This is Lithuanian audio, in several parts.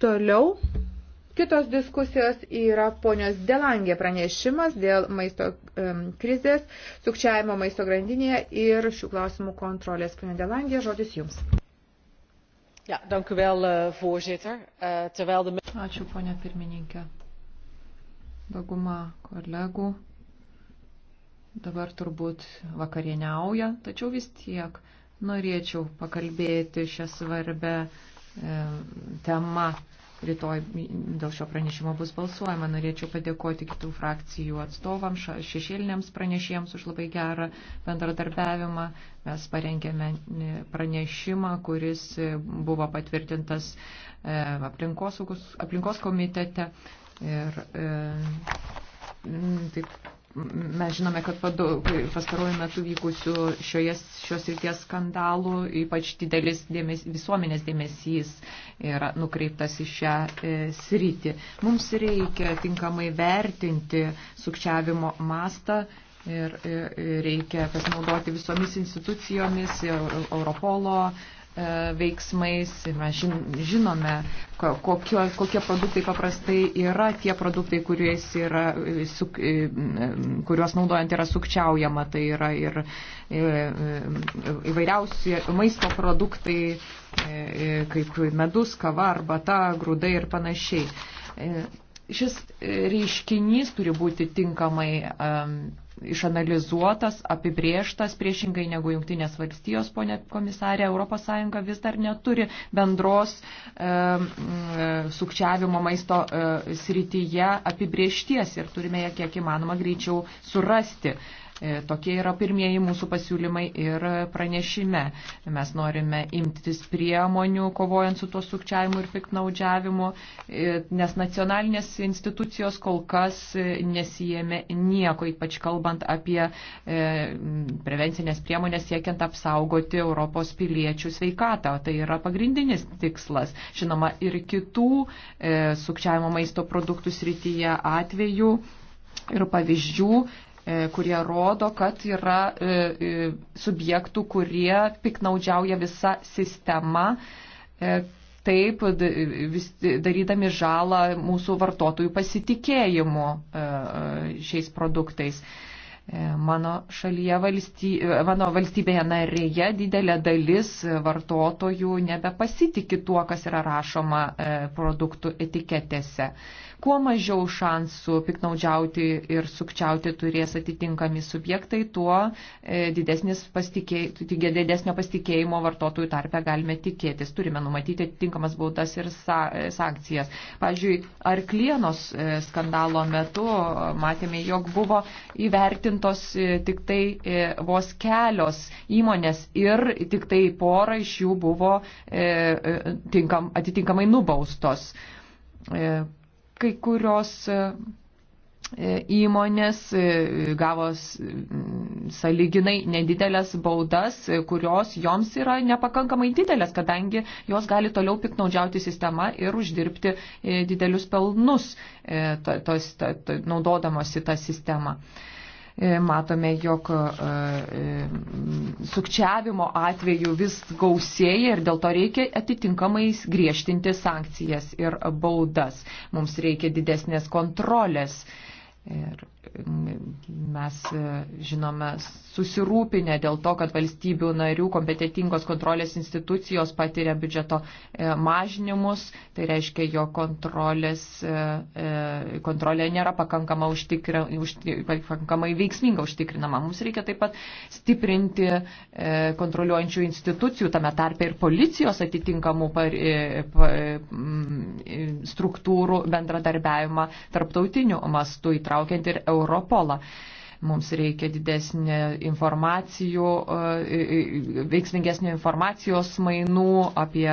Toliau kitos diskusijos yra ponios Delangė pranešimas dėl maisto um, krizės, sukčiavimo maisto grandinėje ir šių klausimų kontrolės. Pone Delangė, žodis jums. Ja, dank u wel, eh, voorzitter. Uh, terwijl de... Ačiū, ponia pirmininkė. Dauguma kolegų dabar turbūt vakarieniauja, tačiau vis tiek norėčiau pakalbėti šią svarbę uh, E, tema. Rytoj dėl šio pranešimo bus balsuojama. Norėčiau padėkoti kitų frakcijų atstovams, šešėliniams pranešėjams už labai gerą bendradarbiavimą. Mes parengėme pranešimą, kuris buvo patvirtintas e, aplinkos, aplinkos komitete. Ir, e, taip, Mes žinome, kad pastaruoju metu vykusių šioje, šios ryties skandalų ypač didelis dėmes, visuomenės dėmesys yra nukreiptas į šią e, sritį. Mums reikia tinkamai vertinti sukčiavimo mastą ir, ir e, reikia pasinaudoti visomis institucijomis, Europolo, e, E, veiksmais ir mes žinome, kokio, kokie produktai paprastai yra tie produktai, yra, e, suk, e, kuriuos naudojant yra sukčiaujama. Tai yra ir įvairiausi maisto produktai, kaip medus, kava, arbata, grūdai ir panašiai. Šis reiškinys turi būti tinkamai išanalizuotas, apibrieštas, priešingai negu Junktinės valstijos, ponė komisarė, ES vis dar neturi bendros e, e, sukčiavimo maisto e, srityje apibriešties ir turime ją kiek įmanoma greičiau surasti. E, E, tokie yra pirmieji mūsų pasiūlymai ir pranešime. Mes norime imtis priemonių, kovojant su tuo sukčiavimu ir piknaudžiavimu, e, nes nacionalinės institucijos kol kas e, nesijėmė nieko, ypač kalbant apie prevencinės priemonės siekiant apsaugoti Europos piliečių sveikatą. Tai yra pagrindinis tikslas. Žinoma, ir kitų sukčiavimo maisto produktų srityje atvejų ir pavyzdžių E, kurie rodo, kad yra e, e, subjektų, kurie piknaudžiauja visą sistemą, taip darydami žalą mūsų vartotojų pasitikėjimu šiais produktais. E, mano šalyje, valsty, e, mano valstybėje narėje didelė dalis vartotojų nebepasitikė tuo, kas yra rašoma e, produktų etiketėse. Kuo mažiau šansų piknaudžiauti ir sukčiauti turės atitinkami subjektai, tuo pasitikė, didesnio pasitikėjimo vartotojų tarpe galime tikėtis. Turime numatyti atitinkamas baudas ir sa, sankcijas. Pavyzdžiui, ar klienos skandalo metu matėme, jog buvo įvertinti įvardintos e, tik tai e, vos kelios įmonės ir tik tai pora iš jų buvo e, tinkam, atitinkamai nubaustos. Kai kurios įmonės gavo saliginai nedidelės baudas, kurios joms yra nepakankamai didelės, kadangi jos gali toliau piknaudžiauti sistemą ir uždirbti didelius pelnus, tos, to, to, naudodamosi tą sistemą. E, matome, jog e, e, sukčiavimo atveju vis gausėja ir dėl to reikia atitinkamai griežtinti sankcijas ir baudas. Mums reikia didesnės kontrolės. Ir mes e, žinome susirūpinę dėl to, kad valstybių narių kompetitingos kontrolės institucijos patiria biudžeto e, mažinimus, tai reiškia, jo kontrolės, e, kontrolė nėra pakankama užtikri, užti, pakankamai veiksminga užtikrinama. Mums reikia taip pat stiprinti kontroliuojančių institucijų, tame tarpe ir policijos atitinkamų par, par, struktūrų bendradarbiavimą tarptautiniu mastu, įtraukiant ir Europolą. Mums reikia didesnė informacijų, e, e, e, veiksmingesnio informacijos mainų apie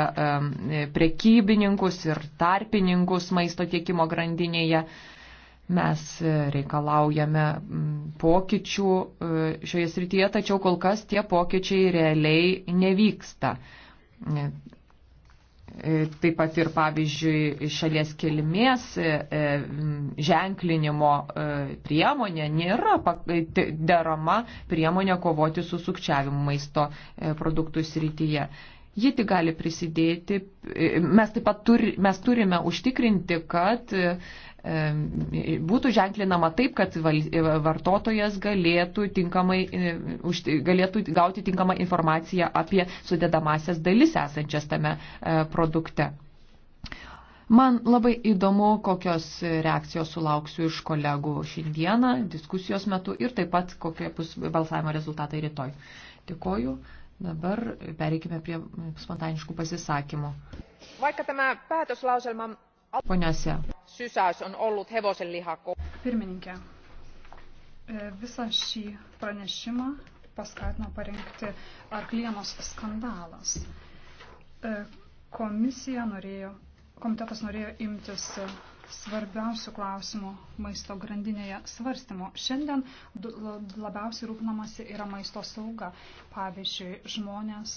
prekybininkus ir tarpininkus maisto tiekimo grandinėje. Mes reikalaujame pokyčių šioje srityje, tačiau kol kas tie pokyčiai realiai nevyksta E, taip pat ir, pavyzdžiui, šalies kilmės e, e, ženklinimo priemonė nėra derama priemonė kovoti su sukčiavimu maisto produktų srityje. Ji tik gali prisidėti, mes taip pat turi, mes turime užtikrinti, kad būtų ženklinama taip, kad e, vartotojas galėtų, tinkamai, e, galėtų gauti tinkamą informaciją apie sudėdamasias dalis esančias tame e, produkte. Man labai įdomu, kokios reakcijos sulauksiu iš kolegų šiandieną diskusijos metu ir taip pat kokie bus balsavimo rezultatai rytoj. Dėkoju. Dabar pereikime prie spontaniškų pasisakymų. Vaikka tämä päätöslauselma... Poniose sysäys on ollut hevosenlihako. Pirmininkė, e, visą šį pranešimą paskatino parengti arklienos skandalas. E, komisija norėjo, komitetas norėjo imtis svarbiausių klausimų maisto grandinėje svarstymo. Šiandien labiausiai rūpinamasi yra maisto sauga. Pavyzdžiui, žmonės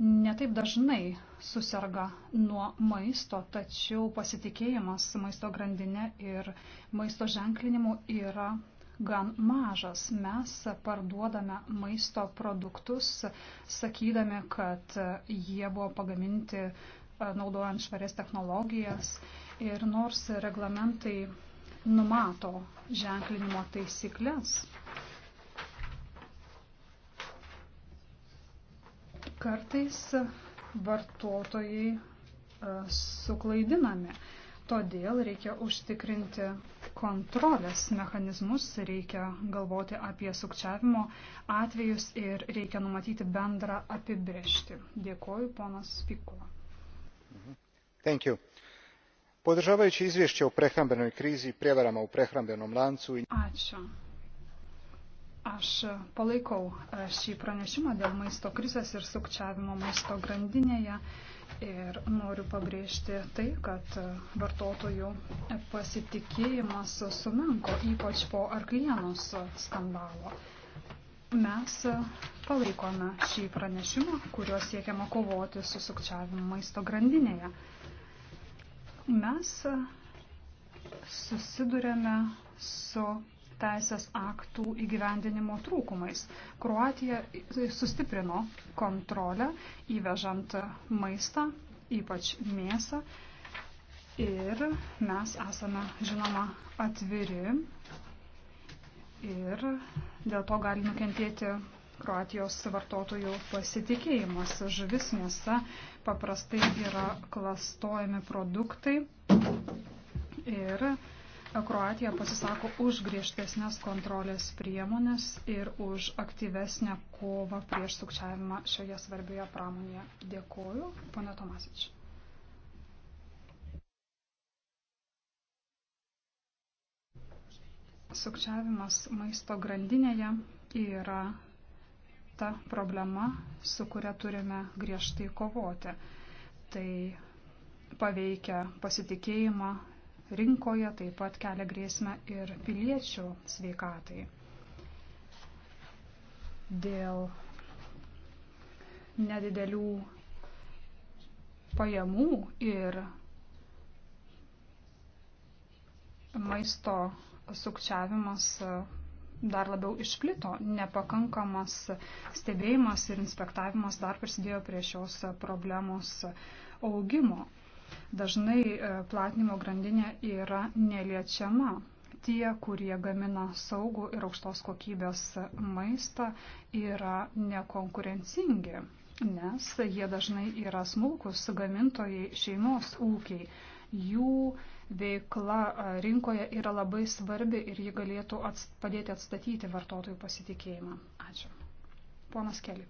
netaip dažnai susirga nuo maisto, tačiau pasitikėjimas maisto grandinė ir maisto ženklinimu yra gan mažas. Mes parduodame maisto produktus, sakydami, kad jie buvo pagaminti e, naudojant švarias technologijas ir nors reglamentai numato ženklinimo taisyklės, Kartais vartotojai e, suklaidinami. Todėl reikia užtikrinti kontrolės mechanizmus, reikia galvoti apie sukčiavimo atvejus ir reikia numatyti bendrą apibrėžti. Dėkoju, ponas Pikula. Thank you. Podržavajući izvješće o prehrambenoj krizi i prijevarama u prehrambenom lancu. Ačiū. Aš palaikau e, šį pranešimą dėl maisto krizės ir sukčiavimo maisto grandinėje ir noriu pabrėžti tai, kad e, vartotojų pasitikėjimas sumenko ypač po arklienos skandalo. Mes e, palaikome šį pranešimą, kuriuo siekiama kovoti su sukčiavimu maisto grandinėje. Mes susidurėme su teisės aktų įgyvendinimo trūkumais. Kroatija sustiprino kontrolę įvežant maistą, ypač mėsą. Ir mes esame, žinoma, atviri ir dėl to gali nukentėti Kroatijos vartotojų pasitikėjimas. Žuvis mėsa paprastai yra klastojami produktai ir E, Kroatija pasisako už griežtesnės kontrolės priemonės ir už aktyvesnę kovą prieš sukčiavimą šioje svarbioje pramonėje. Dėkoju, pone Tomasič. Sukčiavimas maisto grandinėje yra ta problema, su kuria turime griežtai kovoti. Tai paveikia pasitikėjimą rinkoje, taip pat kelia grėsmę ir piliečių sveikatai. Dėl nedidelių pajamų ir maisto sukčiavimas dar labiau išplito, nepakankamas stebėjimas ir inspektavimas dar prisidėjo prie šios problemos augimo. Dažnai e, platinimo grandinė yra neliečiama. Tie, kurie gamina saugų ir aukštos kokybės maistą, yra nekonkurencingi, nes jie dažnai yra smulkus gamintojai šeimos ūkiai. Jų veikla e, rinkoje yra labai svarbi ir ji galėtų ats padėti atstatyti vartotojų pasitikėjimą. Ačiū. Ponas Keli.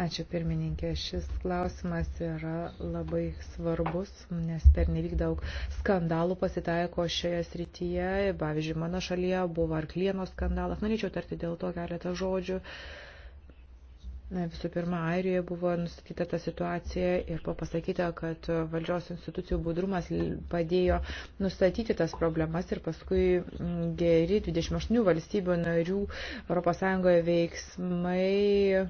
Ačiū pirmininkė. Šis klausimas yra labai svarbus, nes per nevyk daug skandalų pasitaiko šioje srityje. Pavyzdžiui, mano šalyje buvo arklieno skandalas. Norėčiau tarti dėl to keletą žodžių. Na, visų pirma, Airijoje buvo nustatyta ta situacija ir buvo pasakyta, kad valdžios institucijų budrumas padėjo nustatyti tas problemas ir paskui mm, geri 28 valstybių narių ES veiksmai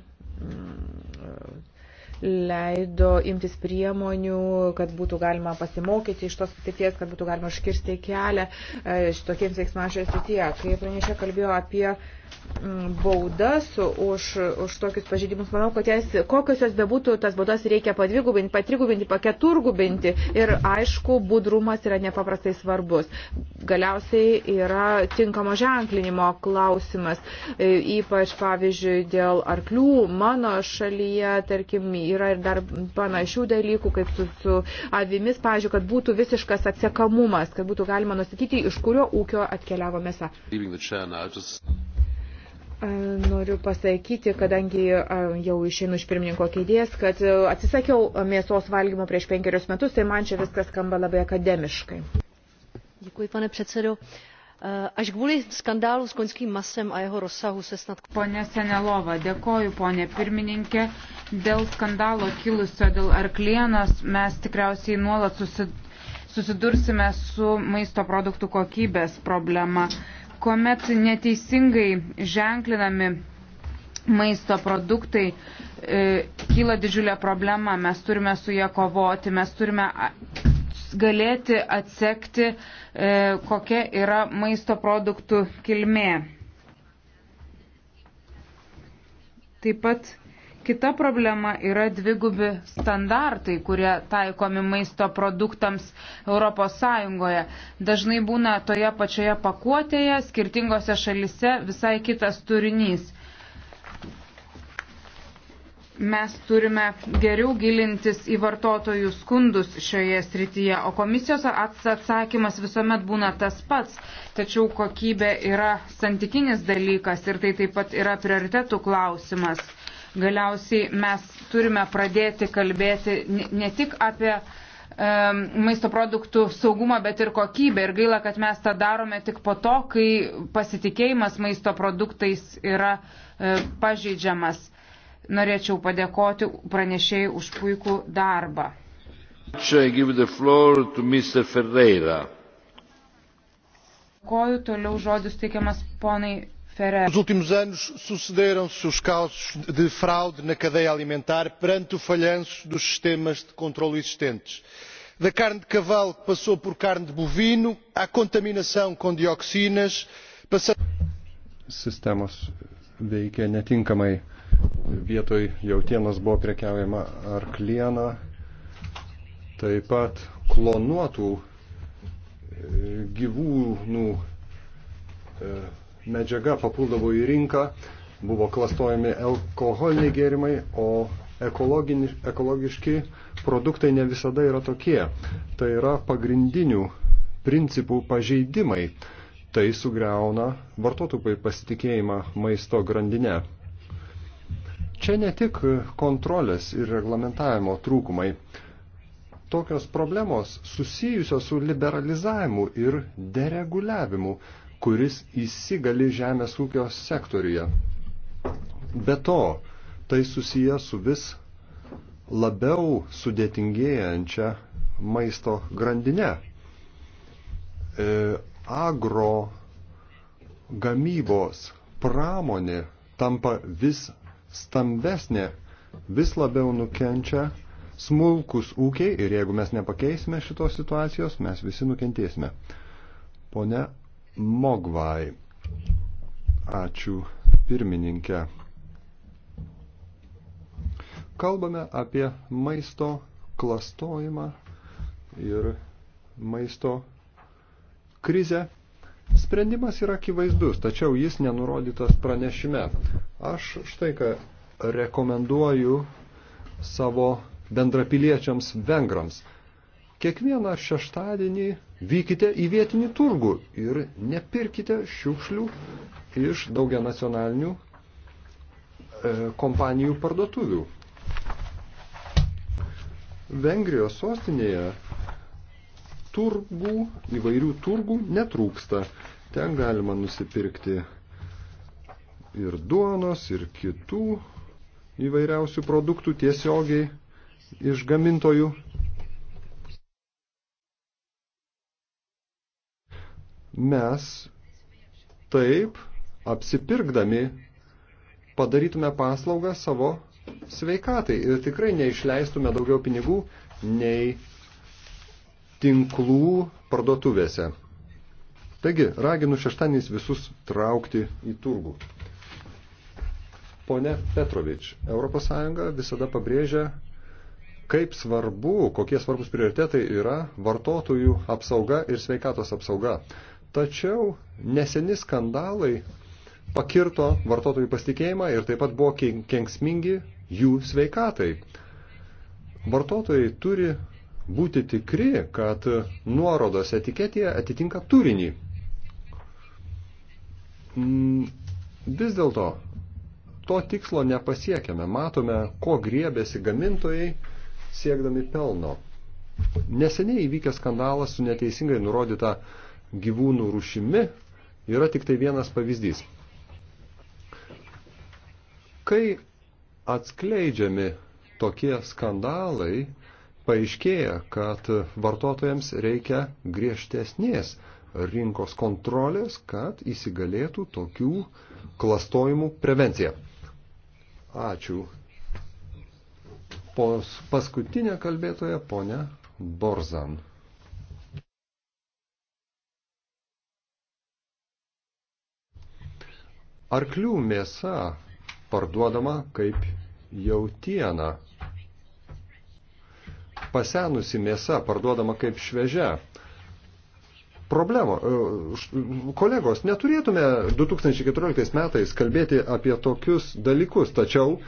leido imtis priemonių, kad būtų galima pasimokyti iš tos patirties, kad būtų galima iškirsti kelią e, šitokiems veiksmams šioje srityje. Kai pranešė kalbėjo apie Mm, baudas už, už tokius pažeidimus. Manau, kad jas, kokios jos bebūtų, tas baudas reikia padvigubinti, patrigubinti, paketurgubinti. Ir aišku, budrumas yra nepaprastai svarbus. Galiausiai yra tinkamo ženklinimo klausimas. E, ypač, pavyzdžiui, dėl arklių mano šalyje, tarkim, yra ir dar panašių dalykų, kaip su, su avimis, pavyzdžiui, kad būtų visiškas atsiekamumas, kad būtų galima nustatyti, iš kurio ūkio atkeliavo mėsa. Noriu pasakyti, kadangi jau išeinu iš pirmininko kėdės, kad atsisakiau mėsos valgymo prieš penkerius metus, tai man čia viskas skamba labai akademiškai. Děkuji, pane předsedo. Až kvůli skandálu s koňským masem a jeho rozsahu se snad... Pone Senelova, dėkoju, pone pirmininkė. Dėl skandalo kilusio dėl arklienos mes tikriausiai nuolat susidursime su maisto produktų kokybės problema. Uh, kuomet neteisingai ženklinami maisto produktai e, kyla didžiulė problema, mes turime su jie kovoti, mes turime galėti atsekti, e, kokia yra maisto produktų kilmė. Taip pat Kita problema yra dvigubi standartai, kurie taikomi maisto produktams ES. Dažnai būna toje pačioje pakuotėje, skirtingose šalise visai kitas turinys. Mes turime geriau gilintis į vartotojų skundus šioje srityje, o komisijos atsakymas visuomet būna tas pats, tačiau kokybė yra santykinis dalykas ir tai taip pat yra prioritetų klausimas galiausiai mes turime pradėti kalbėti ne tik apie maisto produktų saugumą, bet ir kokybę. Ir gaila, kad mes tą darome tik po to, kai pasitikėjimas maisto produktais yra e, pažeidžiamas. Norėčiau padėkoti pranešėjai už puikų darbą. Dėkoju, toliau žodis teikiamas ponai nos últimos anos sucederam se os casos de fraude na cadeia alimentar perante o falhanço dos sistemas de controle existentes da carne de cavalo que passou por carne de bovino à contaminação com dioxinas passando. sistemos veikia netinkamai vietoj jautienos buvo prekiaujama arkliena taip pat klonuotų e, gyvūnų e, medžiaga papuldavo į rinką, buvo klastojami alkoholiniai gėrimai, o ekologiški produktai ne visada yra tokie. Tai yra pagrindinių principų pažeidimai. Tai sugriauna vartotojų pasitikėjimą maisto grandinę. Čia ne tik kontrolės ir reglamentavimo trūkumai. Tokios problemos susijusios su liberalizavimu ir dereguliavimu kuris įsigali žemės ūkio sektoriuje. Be to, tai susiję su vis labiau sudėtingėjančia maisto grandinė. E, agro gamybos pramonė tampa vis stambesnė, vis labiau nukenčia smulkus ūkiai ir jeigu mes nepakeisime šitos situacijos, mes visi nukentėsime. Pone Mogvai. Ačiū pirmininkė. Kalbame apie maisto klastojimą ir maisto krizę. Sprendimas yra akivaizdus, tačiau jis nenurodytas pranešime. Aš štai ką rekomenduoju savo bendrapiliečiams vengrams. Kiekvieną šeštadienį vykite į vietinį turgų ir nepirkite šiukšlių iš daugia nacionalinių e, kompanijų parduotuvių. Vengrijos sostinėje turgų, įvairių turgų netrūksta. Ten galima nusipirkti ir duonos, ir kitų įvairiausių produktų tiesiogiai iš gamintojų. mes taip apsipirkdami padarytume paslaugą savo sveikatai ir tikrai neišleistume daugiau pinigų nei tinklų parduotuvėse. Taigi, raginu šeštadieniais visus traukti į turgų. Pone Petrovič, ES visada pabrėžia, kaip svarbu, kokie svarbus prioritetai yra vartotojų apsauga ir sveikatos apsauga. Tačiau neseni skandalai pakirto vartotojų pasitikėjimą ir taip pat buvo kenksmingi jų sveikatai. Vartotojai turi būti tikri, kad nuorodos etiketėje atitinka turinį. Mm, vis dėlto to tikslo nepasiekiame. Matome, ko griebėsi gamintojai siekdami pelno. Neseniai įvykęs skandalas su neteisingai nurodyta uh, gyvūnų rušimi yra tik tai vienas pavyzdys. Kai atskleidžiami tokie skandalai, paaiškėja, kad vartotojams reikia griežtesnės rinkos kontrolės, kad įsigalėtų tokių klastojimų prevencija. Ačiū. Pos paskutinė kalbėtoja, ponia Borzan. Arklių mėsa parduodama kaip jautiena. Pasenusi mėsa parduodama kaip švežia. Problema. E, kolegos, neturėtume 2014 metais kalbėti apie tokius dalykus, tačiau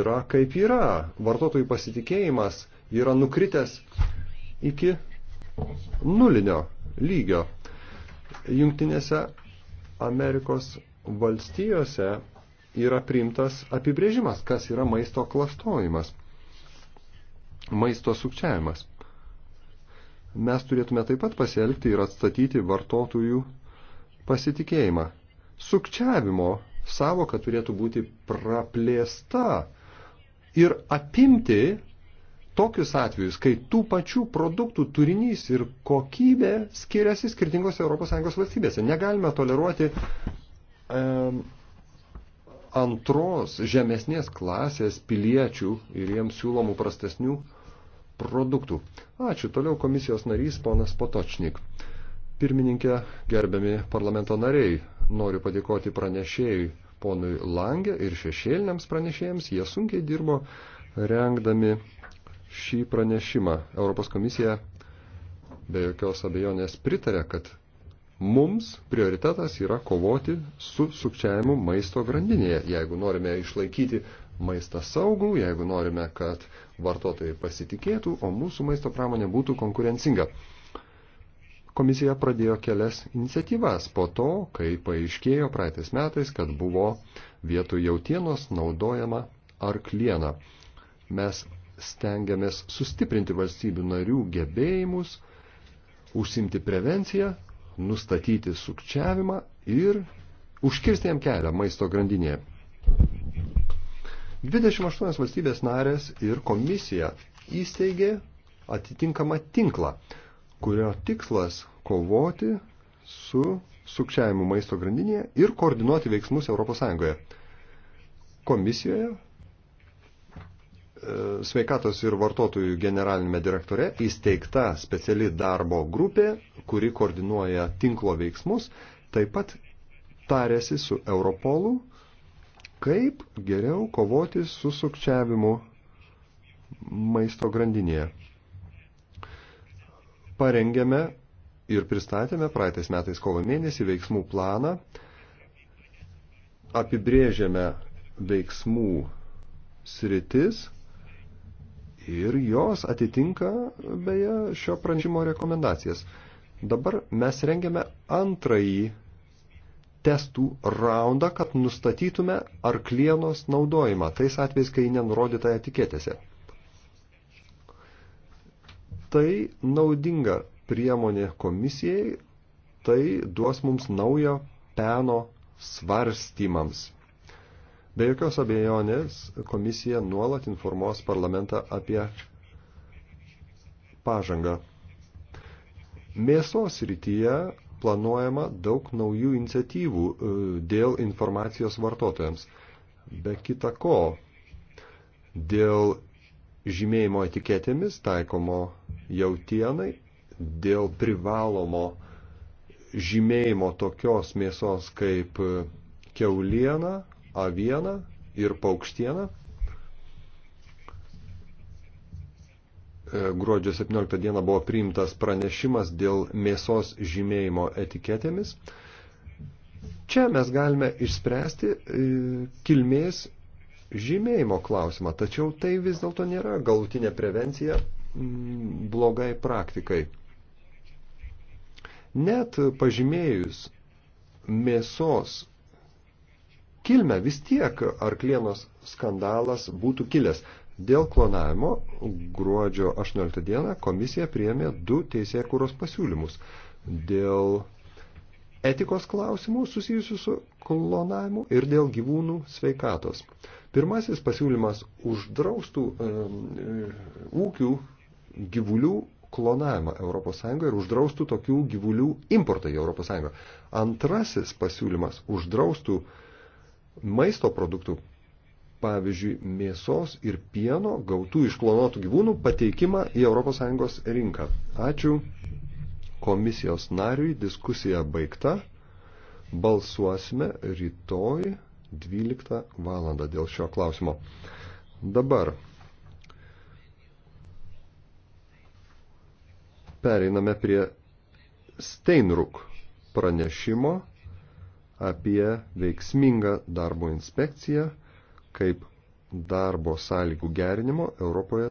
yra kaip yra. Vartotojų pasitikėjimas yra nukritęs iki nulinio lygio. Jungtinėse Amerikos valstijose yra priimtas apibrėžimas, kas yra maisto klastojimas, maisto sukčiavimas. Mes turėtume taip pat pasielgti ir atstatyti vartotojų pasitikėjimą. Sukčiavimo savoka turėtų būti praplėsta ir apimti tokius atvejus, kai tų pačių produktų turinys ir kokybė skiriasi skirtingose ES valstybėse. Negalime toleruoti antros žemesnės klasės piliečių ir jiems siūlomų prastesnių produktų. Ačiū. Toliau komisijos narys ponas Potočnik. Pirmininkė, gerbiami parlamento nariai, noriu padėkoti pranešėjui ponui Langė ir šešėliniams pranešėjams. Jie sunkiai dirbo rengdami šį pranešimą. Europos komisija be jokios abejonės pritarė, kad Mums prioritetas yra kovoti su sukčiavimu maisto grandinėje. Jeigu norime išlaikyti maistą saugų, jeigu norime, kad vartotojai pasitikėtų, o mūsų maisto pramonė būtų konkurencinga. Komisija pradėjo kelias iniciatyvas po to, kai paaiškėjo praeitais metais, kad buvo vietoj jautienos naudojama arklieną. Mes stengiamės sustiprinti valstybių narių gebėjimus, užsimti prevenciją, nustatyti sukčiavimą ir užkirsti jam kelią maisto grandinėje. 28 valstybės narės ir komisija įsteigė atitinkamą tinklą, kurio tikslas kovoti su sukčiavimu maisto grandinėje ir koordinuoti veiksmus ES. Komisijoje sveikatos ir vartotojų generalinėme direktore įsteigta speciali darbo grupė, kuri koordinuoja tinklo veiksmus, taip pat tarėsi su Europolu, kaip geriau kovoti su sukčiavimu maisto grandinėje. Parengėme ir pristatėme praeitais metais kovo mėnesį veiksmų planą, apibrėžėme veiksmų sritis, ir jos atitinka beje šio pranešimo rekomendacijas. Dabar mes rengiame antrąjį testų raundą, kad nustatytume arklienos naudojimą, tais atvejais, kai nenurodyta etiketėse. Tai naudinga priemonė komisijai, tai duos mums naujo peno svarstymams. Be jokios abejonės komisija nuolat informuos parlamentą apie pažangą. Mėsos rytyje planuojama daug naujų iniciatyvų e, dėl informacijos vartotojams. Be kita ko, dėl žymėjimo etiketėmis taikomo jautienai, dėl privalomo žymėjimo tokios mėsos kaip e, keuliena avieną ir paukštieną. E, gruodžio 17 dieną buvo priimtas pranešimas dėl mėsos žymėjimo etiketėmis. Čia mes galime išspręsti e, kilmės žymėjimo klausimą, tačiau tai vis dėlto nėra galutinė prevencija mm, blogai praktikai. Net pažymėjus mėsos kilmę, vis tiek arklienos skandalas būtų kilęs. Dėl klonavimo gruodžio 18 dieną komisija priėmė du teisėkūros pasiūlymus. Dėl etikos klausimų susijusių su klonavimu ir dėl gyvūnų sveikatos. Pirmasis pasiūlymas uždraustų e, ūkių gyvulių klonavimą ES ir uždraustų tokių gyvulių importą į ES. Antrasis pasiūlymas uždraustų e, maisto produktų, pavyzdžiui, mėsos ir pieno gautų iš klonuotų gyvūnų pateikimą į ES rinką. Ačiū komisijos nariui, diskusija baigta. Balsuosime rytoj 12 valandą dėl šio klausimo. Dabar pereiname prie Steinruk pranešimo apie veiksmingą darbo inspekciją kaip darbo sąlygų gerinimo Europoje